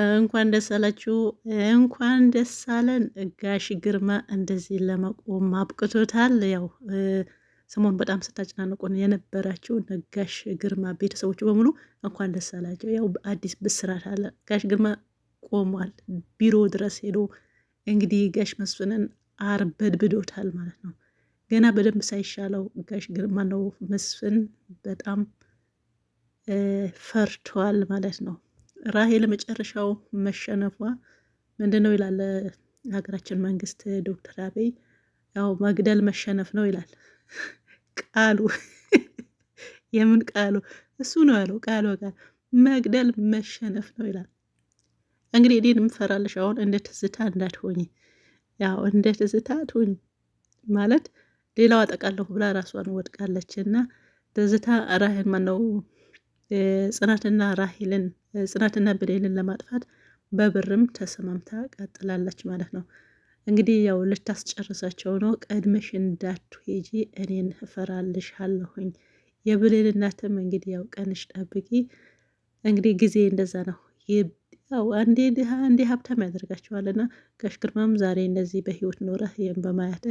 እንኳን ደስ አላችሁ፣ እንኳን ደስ አለን። ጋሽ ግርማ እንደዚህ ለመቆም አብቅቶታል። ያው ሰሞኑን በጣም ስታጨናንቁን የነበራችሁ ነጋሽ ግርማ ቤተሰቦቹ በሙሉ እንኳን ደስ አላቸው። ያው አዲስ ብስራት አለ። ጋሽ ግርማ ቆሟል፣ ቢሮ ድረስ ሄዶ እንግዲህ ጋሽ መስፍንን አርበድብዶታል ማለት ነው። ገና በደንብ ሳይሻለው ጋሽ ግርማ ነው መስፍን በጣም ፈርቷል ማለት ነው። ራሄል መጨረሻው መሸነፏ ምንድን ነው ይላል የሀገራችን መንግስት ዶክተር አብይ ያው መግደል መሸነፍ ነው ይላል ቃሉ። የምን ቃሉ እሱ ነው ያለው ቃሉ ጋር መግደል መሸነፍ ነው ይላል። እንግዲህ እኔን የምፈራልሽ አሁን እንደ ትዝታ እንዳትሆኝ፣ ያው እንደ ትዝታ ትሆኝ ማለት ሌላው አጠቃለሁ ብላ ራሷን ወድቃለች እና ትዝታ ራህን ማነው ጽናትና ራሄልን ጽናትና ብሌልን ለማጥፋት በብርም ተስማምታ ቀጥላለች ማለት ነው። እንግዲህ ያው ልታስጨርሳቸው ነው። ቀድመሽ እንዳትሄጂ እኔን እፈራልሻለሁኝ። የብሌል እናትም እንግዲህ ያው ቀንሽ ጠብቂ እንግዲህ ጊዜ እንደዛ ነው። ያው አንዴ ሀብታም ያደርጋቸዋልና ጋሽ ግርማም ዛሬ እንደዚህ በህይወት ኖረህ ይህም በማየት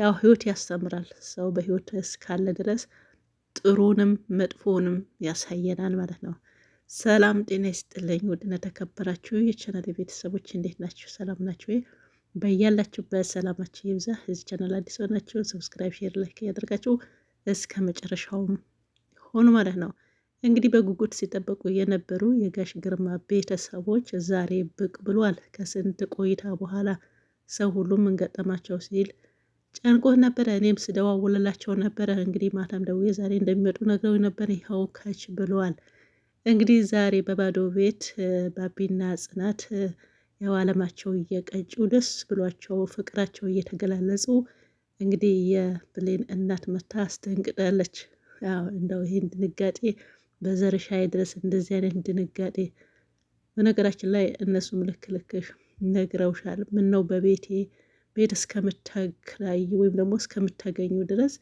ያው ህይወት ያስተምራል። ሰው በህይወት እስካለ ድረስ ጥሩንም መጥፎንም ያሳየናል ማለት ነው። ሰላም ጤና ይስጥልኝ። ውድና ተከበራችሁ የቻናል ቤተሰቦች እንዴት ናችሁ? ሰላም ናችሁ? በያላችሁበት ሰላማችሁ ይብዛ። እዚህ ቻናል አዲስ ሆናችሁ ሰብስክራይብ፣ ሼር፣ ላይክ እያደርጋችሁ እስከ መጨረሻውም ሆኑ ማለት ነው። እንግዲህ በጉጉት ሲጠበቁ የነበሩ የጋሽ ግርማ ቤተሰቦች ዛሬ ብቅ ብሏል። ከስንት ቆይታ በኋላ ሰው ሁሉም እንገጠማቸው ሲል ጨንቆት ነበረ። እኔም ስደዋውልላቸው ነበረ። እንግዲህ ማታም ደውዬ ዛሬ እንደሚመጡ ነግረው ነበር። ይኸው ከች ብለዋል። እንግዲህ ዛሬ በባዶ ቤት ባቢና ጽናት ያው አለማቸው እየቀጩ ደስ ብሏቸው ፍቅራቸው እየተገላለጹ እንግዲህ የብሌን እናት መታ አስደንግጣለች። እንደው ይህን ድንጋጤ በዘርሻይ ድረስ እንደዚህ አይነት ድንጋጤ በነገራችን ላይ እነሱም ልክ ልክ ነግረውሻል። ምን ነው በቤቴ ቤት እስከምታከራይ ወይም ደግሞ እስከምታገኙ ድረስ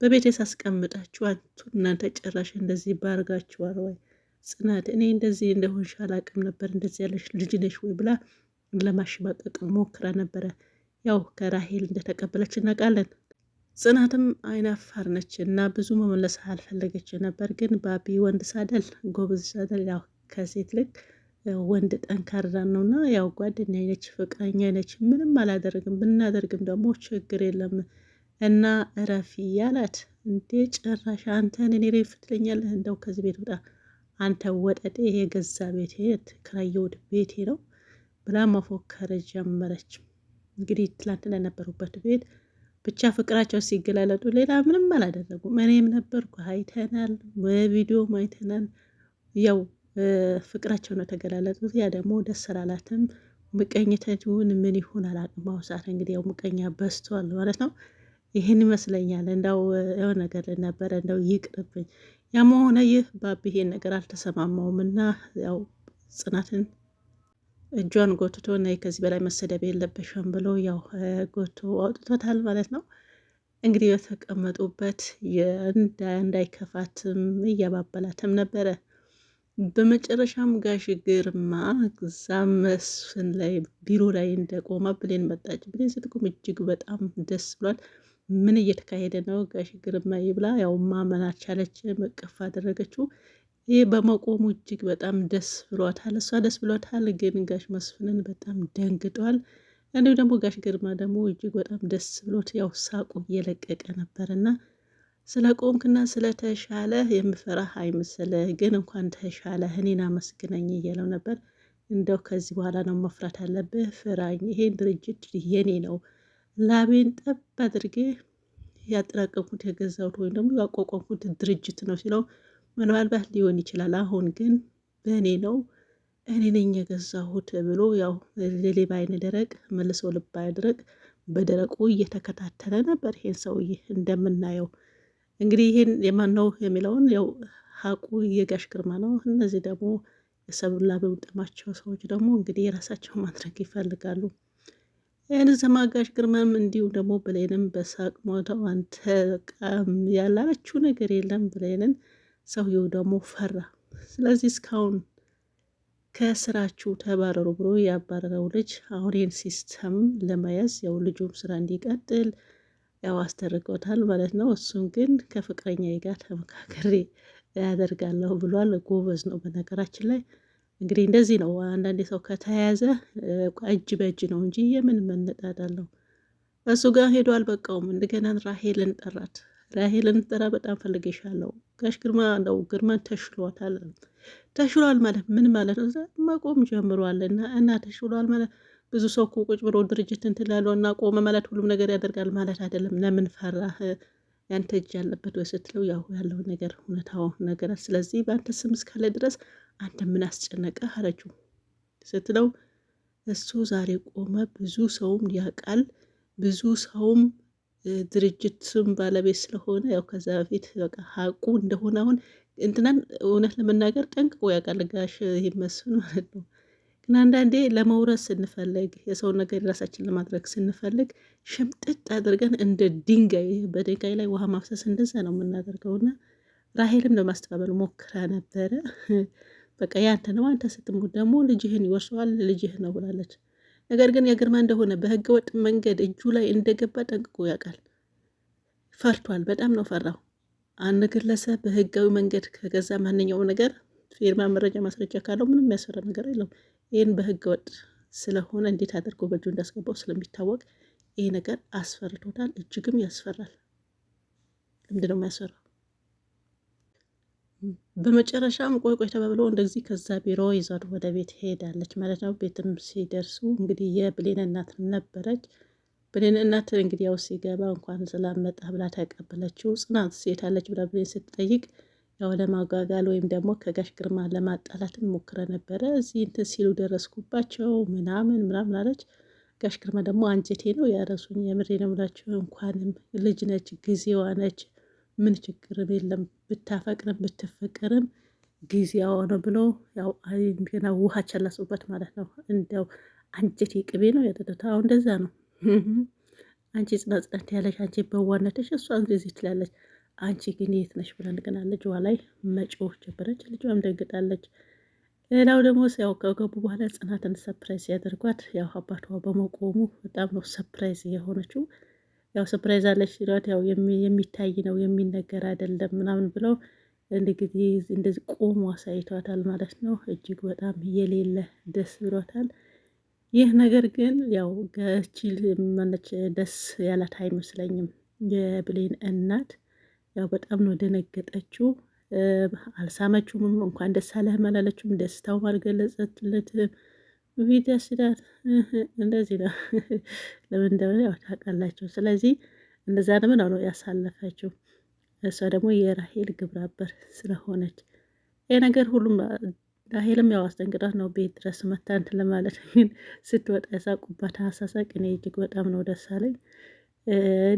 በቤት ያስቀምጣችሁ አንቱ እናንተ ጭራሽ እንደዚህ ባርጋችኋል ወይ? ጽናት እኔ እንደዚህ እንደሆንሽ አላቅም ነበር እንደዚህ ያለሽ ልጅ ነሽ ወይ ብላ ለማሸማቀቅ ሞክራ ነበረ። ያው ከራሄል እንደተቀበለች እናውቃለን። ጽናትም አይናፋር ነች እና ብዙ መመለስ አልፈለገች ነበር። ግን ባቢ ወንድ ሳደል ጎበዝ ሳደል ያው ከሴት ልክ ወንድ ጠንካራ ነው እና ያው ጓደኛ አይነች ፍቅረኛ አይነች ምንም አላደርግም ብናደርግም ደግሞ ችግር የለም እና እረፊ ያላት። እንዴ ጭራሽ አንተን እኔ ላይ ፍትለኛለህ? እንደው ከዚህ ቤት ውጣ አንተ ወጠጤ፣ ይሄ ገዛ ቤቴ የተከራየሁት ቤቴ ነው ብላ መፎከር ጀመረች። እንግዲህ ትላንትና የነበሩበት ቤት ብቻ ፍቅራቸው ሲገላለጡ ሌላ ምንም አላደረጉም። እኔም ነበርኩ አይተናል፣ ቪዲዮም አይተናል ያው ፍቅራቸው ነው ተገላለጡት። ያ ደግሞ ደስ አላላትም። ምቀኝነቱን ምን ይሆን አላቅም። አሁን ሰዓት እንግዲህ ያው ምቀኛ በዝቷል ማለት ነው። ይህን ይመስለኛል። እንዳው የሆነ ነገር ነበረ እንዳው ይቅርብኝ። ያም ሆነ ይህ ባቢ ይሄን ነገር አልተሰማማውም እና ያው ጽናትን እጇን ጎትቶ ነይ ከዚህ በላይ መሰደብ የለበሽም ብሎ ያው ጎቶ አውጥቶታል ማለት ነው። እንግዲህ በተቀመጡበት እንዳይከፋትም እያባበላትም ነበረ። በመጨረሻም ጋሽ ግርማ እዛ መስፍን ላይ ቢሮ ላይ እንደቆማ ብሌን መጣች። ብሌን ስትቆም እጅግ በጣም ደስ ብሏል። ምን እየተካሄደ ነው ጋሽ ግርማ ይብላ ያው ማመን አልቻለች። መቀፍ አደረገችው። ይህ በመቆሙ እጅግ በጣም ደስ ብሏታል። እሷ ደስ ብሏታል፣ ግን ጋሽ መስፍንን በጣም ደንግጧል። እንዲሁ ደግሞ ጋሽ ግርማ ደግሞ እጅግ በጣም ደስ ብሎት ያው ሳቁ እየለቀቀ ነበርና ስለ ቆምክና ስለ ተሻለህ የምፈራህ አይምስልህ፣ ግን እንኳን ተሻለህ እኔን አመስግነኝ እያለው ነበር። እንደው ከዚህ በኋላ ነው መፍራት አለብህ፣ ፍራኝ። ይሄን ድርጅት የኔ ነው፣ ላቤን ጠብ አድርጌ ያጠራቀምኩት የገዛሁት ወይም ደግሞ ያቋቋምኩት ድርጅት ነው ሲለው ምናልባት ሊሆን ይችላል፣ አሁን ግን በእኔ ነው፣ እኔ ነኝ የገዛሁት ብሎ ያው ለሌባ አይነ ደረቅ መልሶ ልባ ደረቅ በደረቁ እየተከታተለ ነበር ይሄን ሰውዬ እንደምናየው እንግዲህ ይህን የማን ነው የሚለውን ያው ሀቁ የጋሽ ግርማ ነው። እነዚህ ደግሞ የሰብላ በውጠማቸው ሰዎች ደግሞ እንግዲህ የራሳቸው ማድረግ ይፈልጋሉ። ይህን ዘማጋሽ ግርማም እንዲሁ ደግሞ ብሌንም በሳቅ ሞተው አንተ ቃም ያላለችው ነገር የለም ብሌንን ሰውየው ደግሞ ፈራ። ስለዚህ እስካሁን ከስራችሁ ተባረሩ ብሎ ያባረረው ልጅ አሁን ይህን ሲስተምም ለመያዝ ያው ልጁም ስራ እንዲቀጥል ያው አስደርጎታል ማለት ነው። እሱም ግን ከፍቅረኛ ጋር ተመካከሬ ያደርጋለሁ ብሏል። ጎበዝ ነው። በነገራችን ላይ እንግዲህ እንደዚህ ነው። አንዳንዴ ሰው ከተያያዘ እጅ በእጅ ነው እንጂ የምን መነጣጣል ነው። እሱ ጋር ሄዶ አልበቃውም። እንደገናን ራሄልን ጠራት። ራሄልን ጠራ፣ በጣም ፈልጌሻለሁ። ጋሽ ግርማ ነው ግርማን ተሽሏታል። ተሽሏል ማለት ምን ማለት ነው? ማቆም ጀምሯል እና እና ተሽሏል ማለት ብዙ ሰው እኮ ቁጭ ብሎ ድርጅት እንትን ላለው እና ቆመ ማለት ሁሉም ነገር ያደርጋል ማለት አይደለም። ለምን ፈራህ? ያንተ እጅ ያለበት ወይ ስትለው ያው ያለው ነገር እውነታው ነገር፣ ስለዚህ በአንተ ስም እስካለ ድረስ አንተ ምን አስጨነቀ አለችው ስትለው እሱ ዛሬ ቆመ፣ ብዙ ሰውም ያውቃል፣ ብዙ ሰውም ድርጅት ስም ባለቤት ስለሆነ ያው ከዛ በፊት በቃ ሀቁ እንደሆነ አሁን እንትናን እውነት ለመናገር ጠንቅቆ ያውቃል ጋሽ ይመስል ማለት ነው። ግን አንዳንዴ ለመውረስ ስንፈልግ የሰውን ነገር የራሳችን ለማድረግ ስንፈልግ ሽምጥጥ አድርገን እንደ ድንጋይ በድንጋይ ላይ ውሃ ማፍሰስ እንደዛ ነው የምናደርገውና ራሄልም ለማስተባበል ሞክራ ነበረ። በቃ ያንተ ነው አንተ ስትሞት ደግሞ ልጅህን ይወርሰዋል ልጅህ ነው ብላለች። ነገር ግን የግርማ እንደሆነ በህገ ወጥ መንገድ እጁ ላይ እንደገባ ጠንቅቆ ያውቃል። ፈርቷል። በጣም ነው ፈራው። አንድ ግለሰብ በህጋዊ መንገድ ከገዛ ማንኛውም ነገር ፊርማ፣ መረጃ፣ ማስረጃ ካለው ምንም የሚያስፈራ ነገር የለውም። ይህን በህገ ወጥ ስለሆነ እንዴት አድርጎ በእጁ እንዳስገባው ስለሚታወቅ ይሄ ነገር አስፈርቶታል። እጅግም ያስፈራል። ለምንድን ነው የሚያስፈራው? በመጨረሻም ቆይ ቆይ ተባብሎ እንደዚህ ከዛ ቢሮ ይዟት ወደ ቤት ሄዳለች ማለት ነው። ቤትም ሲደርሱ እንግዲህ የብሌን እናት ነበረች። ብሌን እናት እንግዲህ ያው ሲገባ እንኳን ስላመጣ ብላ ተቀበለችው። ጽናት ሴታለች ብላ ብሌን ስትጠይቅ ያው ለማጓጋል ወይም ደግሞ ከጋሽ ግርማ ለማጣላትን ሞክረ ነበረ። እዚህ እንትን ሲሉ ደረስኩባቸው ምናምን ምናምን አለች። ጋሽ ግርማ ደግሞ አንጀቴ ነው ያረሱኝ። የምሬ ነው ምላቸው። እንኳንም ልጅ ነች፣ ጊዜዋ ነች፣ ምን ችግርም የለም ብታፈቅርም ብትፈቅርም ጊዜዋ ነው ብሎ ያው ገና ውሃ ቸላሱበት ማለት ነው። እንደው አንጀቴ ቅቤ ነው ያደረታ። አሁ እንደዛ ነው። አንቺ ጽናጽናት ያለች አንቺ በዋነተሽ እሷ ጊዜ ትላለች። አንቺ ግን የት ነሽ ብለን ግና ዋ ላይ መጮህ ጀበረች። ልጇም ደንግጣለች። ሌላው ደግሞ ያው ከገቡ በኋላ ጽናትን ሰፕራይዝ ያደርጓት ያው አባቷ በመቆሙ በጣም ነው ሰፕራይዝ የሆነችው። ያው ሰፕራይዝ አለች ሲሏት ያው የሚታይ ነው የሚነገር አይደለም ምናምን ብለው እንግዲህ እንደዚህ ቆሞ አሳይቷታል ማለት ነው። እጅግ በጣም የሌለ ደስ ብሏታል። ይህ ነገር ግን ያው ገችል መነች ደስ ያላት አይመስለኝም የብሌን እናት ያው በጣም ነው ደነገጠችው። አልሳመችውም፣ እንኳን ደስ አለህ አላለችውም። ደስታው አልገለጸትለትም። ቪዲያስ እንደዚህ ነው። ለምን እንደሆነ ያው ታውቃላችሁ። ስለዚህ እንደዛ ለምን አሁን ያሳለፈችው እሷ ደግሞ የራሄል ግብረአበር ስለሆነች ይህ ነገር ሁሉም ራሄልም ያው አስደንግጣት ነው ቤት ድረስ መታ እንትን ለማለት ስትወጣ ያሳቁባት አሳሳቅ እኔ እጅግ በጣም ነው ደስ አለኝ።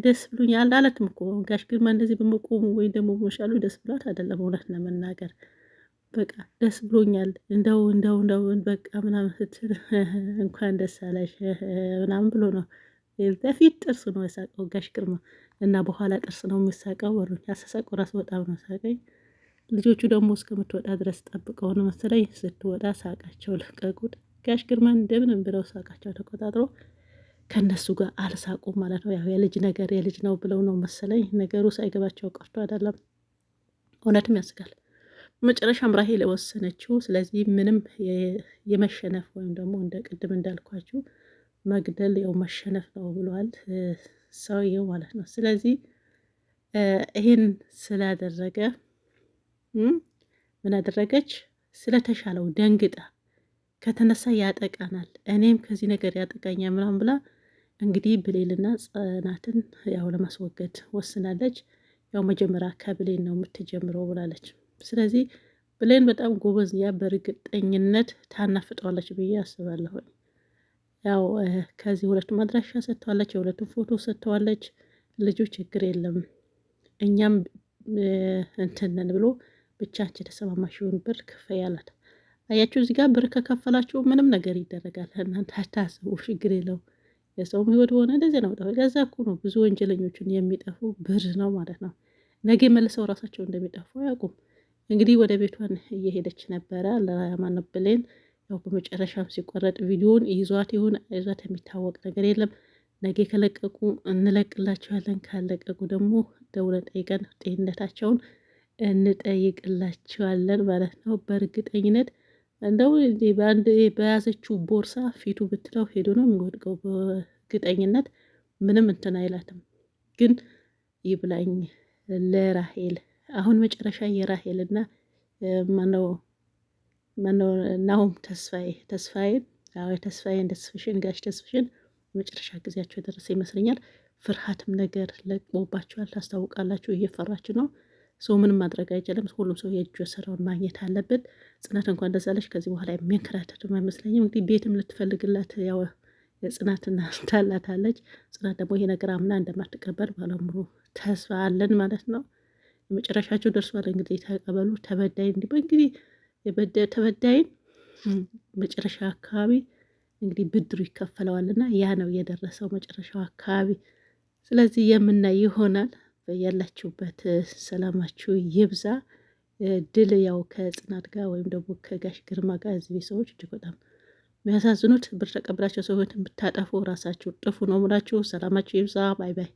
ደስ ብሎኛል አላትም እኮ ጋሽ ግርማ እንደዚህ በመቆሙ ወይም ደግሞ በመሻሉ ደስ ብሏት አይደለም። እውነት ለመናገር በቃ ደስ ብሎኛል እንደው እንደው እንደው በቃ ምናምን ስትል እንኳን ደስ አለሽ ምናምን ብሎ ነው። በፊት ጥርስ ነው የሳቀው ጋሽ ግርማ እና በኋላ ጥርስ ነው የሚሳቀው። ወሩ ያሳሳቀው ራሱ በጣም ነው ሳቀኝ። ልጆቹ ደግሞ እስከምትወጣ ድረስ ጠብቀው ነው መሰለኝ። ስትወጣ ሳቃቸው ለቀቁት። ጋሽ ግርማን እንደምንም ብለው ሳቃቸው ተቆጣጥሮ ከነሱ ጋር አልሳቁም ማለት ነው። ያው የልጅ ነገር የልጅ ነው ብለው ነው መሰለኝ ነገሩ ሳይገባቸው ቀርቶ አይደለም። እውነትም ያስጋል። መጨረሻም ራሄል የወሰነችው ስለዚህ ምንም የመሸነፍ ወይም ደግሞ እንደ ቅድም እንዳልኳችሁ መግደል ያው መሸነፍ ነው ብለዋል ሰውየው ማለት ነው። ስለዚህ ይህን ስላደረገ ምን አደረገች? ስለተሻለው ደንግጣ ከተነሳ ያጠቃናል፣ እኔም ከዚህ ነገር ያጠቃኛል ምናምን ብላ እንግዲህ ብሌንና ጽናትን ያው ለማስወገድ ወስናለች። ያው መጀመሪያ ከብሌን ነው የምትጀምረው ብላለች። ስለዚህ ብሌን በጣም ጎበዝ፣ ያ በእርግጠኝነት ታናፍጠዋለች ብዬ አስባለሁ። ያው ከዚህ ሁለቱም አድራሻ ሰጥተዋለች፣ የሁለቱም ፎቶ ሰጥተዋለች። ልጁ ችግር የለም እኛም እንትንን ብሎ ብቻች የተሰማማሽውን ብር ክፈይ አላት። አያችሁ እዚህ ጋር ብር ከከፈላችሁ ምንም ነገር ይደረጋል። እናንተ አታስቡ፣ ችግር የለው የሰውም ህይወት በሆነ እንደዚህ ነው ጠፋ። ከዛ እኮ ነው ብዙ ወንጀለኞችን የሚጠፉ ብር ነው ማለት ነው። ነገ መልሰው ራሳቸው እንደሚጠፉ አያውቁም። እንግዲህ ወደ ቤቷን እየሄደች ነበረ ለማነብሌን ያው በመጨረሻም ሲቆረጥ ቪዲዮን ይዟት ይሁን ይዟት የሚታወቅ ነገር የለም። ነገ ከለቀቁ እንለቅላቸዋለን፣ ካለቀቁ ደግሞ ደውለን ጠይቀን ጤንነታቸውን እንጠይቅላቸዋለን ማለት ነው በእርግጠኝነት እንደው በአንድ በያዘችው ቦርሳ ፊቱ ብትለው ሄዶ ነው የሚወድቀው። በእርግጠኝነት ምንም እንትን አይላትም። ግን ይብላኝ ለራሄል አሁን መጨረሻ የራሄል እና ማነው ማነው ናሁም ተስፋዬ ተስፋዬን አዎ ተስፋዬን ተስፍሽን ጋሽ ተስፍሽን መጨረሻ ጊዜያቸው የደረሰ ይመስለኛል። ፍርሃትም ነገር ለቅሞባቸዋል። ታስታውቃላችሁ፣ እየፈራች ነው ሰው ምንም ማድረግ አይችልም። ሁሉም ሰው የእጁ ስራውን ማግኘት አለብን ጽናት እንኳን ደስ አለሽ። ከዚህ በኋላ የሚያንከራተትም አይመስለኝም። እንግዲህ ቤትም ልትፈልግላት ያው ጽናትና ታላታለች። ጽናት ደግሞ ይሄ ነገር አምና እንደማትቀበል ባለሙሉ ተስፋ አለን ማለት ነው። የመጨረሻቸው ደርሷል። እንግዲህ ተቀበሉ። ተበዳይ እንዲ እንግዲህ ተበዳይን መጨረሻ አካባቢ እንግዲህ ብድሩ ይከፈለዋልና ያ ነው የደረሰው መጨረሻው አካባቢ። ስለዚህ የምናይ ይሆናል። በያላችሁበት ሰላማችሁ ይብዛ። ድል ያው ከጽናት ጋር ወይም ደግሞ ከጋሽ ግርማ ጋር እዚህ ሰዎች እጅግ በጣም የሚያሳዝኑት ብር ተቀብላቸው ሰዎችን ብታጠፉ ራሳችሁ ጥፉ ነው ሙላችሁ። ሰላማችሁ ይብዛ። ባይ ባይ።